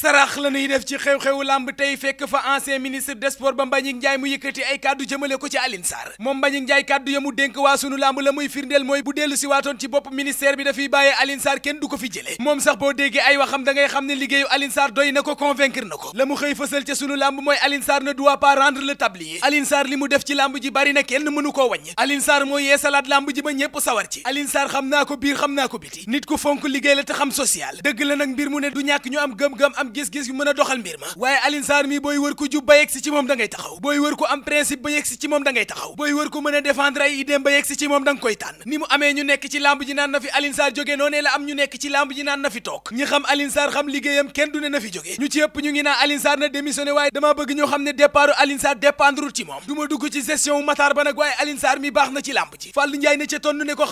sarax la ñuy def ci xew xew lamb tey fekk fa ancien ministre des sports ba Mbagnick Ndiaye mu yëkkati ay kàddu jëmale ko ci Alioune Sarr moom Mbagnick Ndiaye kàddu ya mu dénk waa sunu lamb la muy firndeel mooy bu dellu si waatoon ci bopp ministère bi dafay bàyyee Alioune Sarr kenn du ko fi jëlee moom sax boo déggee ay waxam da ngay xam ne liggéeyu Alioune Sarr doy na ko convaincre na ko la mu xëy fësal ca sunu lamb mooy Alioune Sarr ne doit pas rendre le tablier Alioune Sarr ci lamb ji bari na kenn mënu koo wàññi Alioune Sarr mooy yeesalaat lamb ji ba ñépp sawar ci Alioune xam naa ko biir xam naa ko biti nit ku fonk liggéey la te xam social dëgg la nag mbir mu ne du ñàkk ñu am gëm am gis-gis yu mën a doxal mbir ma waaye Alioune Sarr mi booy wër ko jub ba yegsi ci moom da taxaw booy wër ko am principe ba yegsi taxaw booy mën a défendre ay idéem ba yegsi ci moom da koy tànn ni mu amee ñu nekk ci lamb ji naan na fi Alioune Sarr jóge noonee la am ñu nekk ci lamb ji naan na fi toog ñi xam Alioune xam liggéeyam kenn du ne na fi jóge ñu ci ëpp ñu ngi naa Alioune Sarr na démissionné waaye dama bëgg ñoo xam ne départu Alioune Sarr dépendre ci moom du ma dugg ci gestion Matar ba nag waaye Alioune na ci lamb ji Fallou Ndiaye ne ca tonn ne ko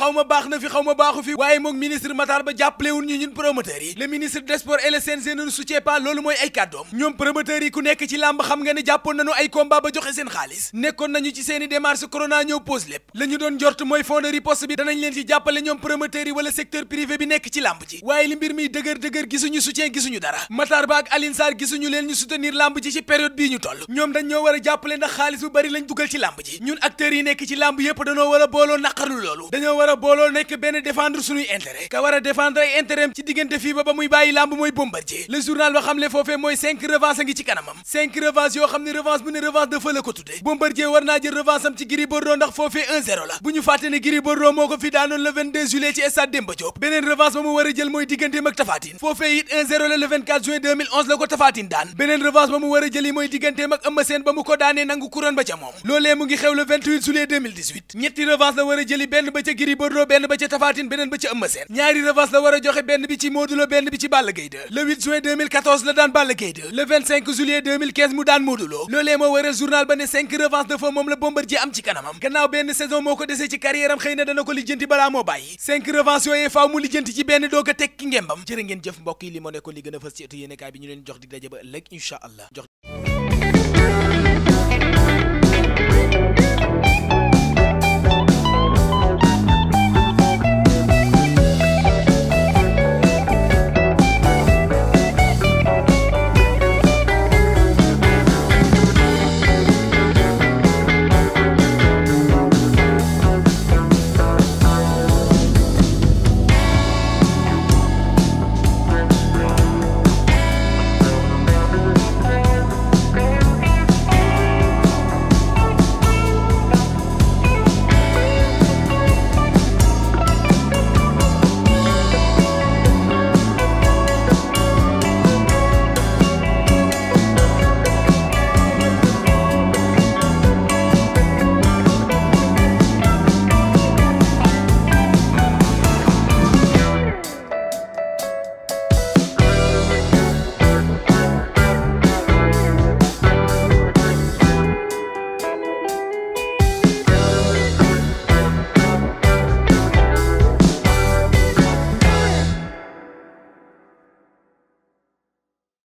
na fi xaw ma baaxu fi waaye moom ministre Matar ba jàppalewul ñu ñun promoteurs yi le ministre pas loolu mooy ay kàddoom ñoom promoteurs yi ku nekk ci làmb xam nga ne jàppoon nañu ay combat ba joxe seen xaalis nekkoon nañu ci seeni démarche corona ñëw pause lépp la ñu doon jort mooy fond de riposte bi danañ leen ci jàppale ñoom promoteurs yi wala secteur privé bi nekk ci làmb ji waaye li mbir mi dëgër dëgër gisuñu soutien gisuñu dara Matar Ba ak Aline Sarr gisuñu leen ñu soutenir làmb ji ci période bi ñu toll ñoom dañ ñoo war a jàppale ndax xaalis bu lañ dugal ci làmb ji ñun acteurs yi nekk ci làmb yépp dañoo war a booloo naqarlu loolu dañoo war nekk benn défendre suñuy intérêt ka war a ci diggante fii ba ba muy bàyyi làmb mooy Bombardier le loo la war a jëli benn ba ca Gris benn ba ca Tapha beneen ba ca Eumeu Sène ñaari revanche la war a joxe benn bi ci Modou benn bi ci Balla Gaye 2 le juin 2014 la daan Balla Gaye 2 le 25 mu daan Modou Lo moo waral journal ba ne cinq revanche de fois moom la Bombardier am ci kanamam gannaaw benn saison moo ko desee ci carrière am xëy dana ko lijjanti balaa moo bàyyi cinq revanche yooyee faaw mu lijjanti ci benn doog a tekki ngembam jërë ngeen jëf mbokk yi li moo nekkoon li gën a fës ci ëttu yéenekaay bi ñu leen jox dig daje ba ëllëg incha allah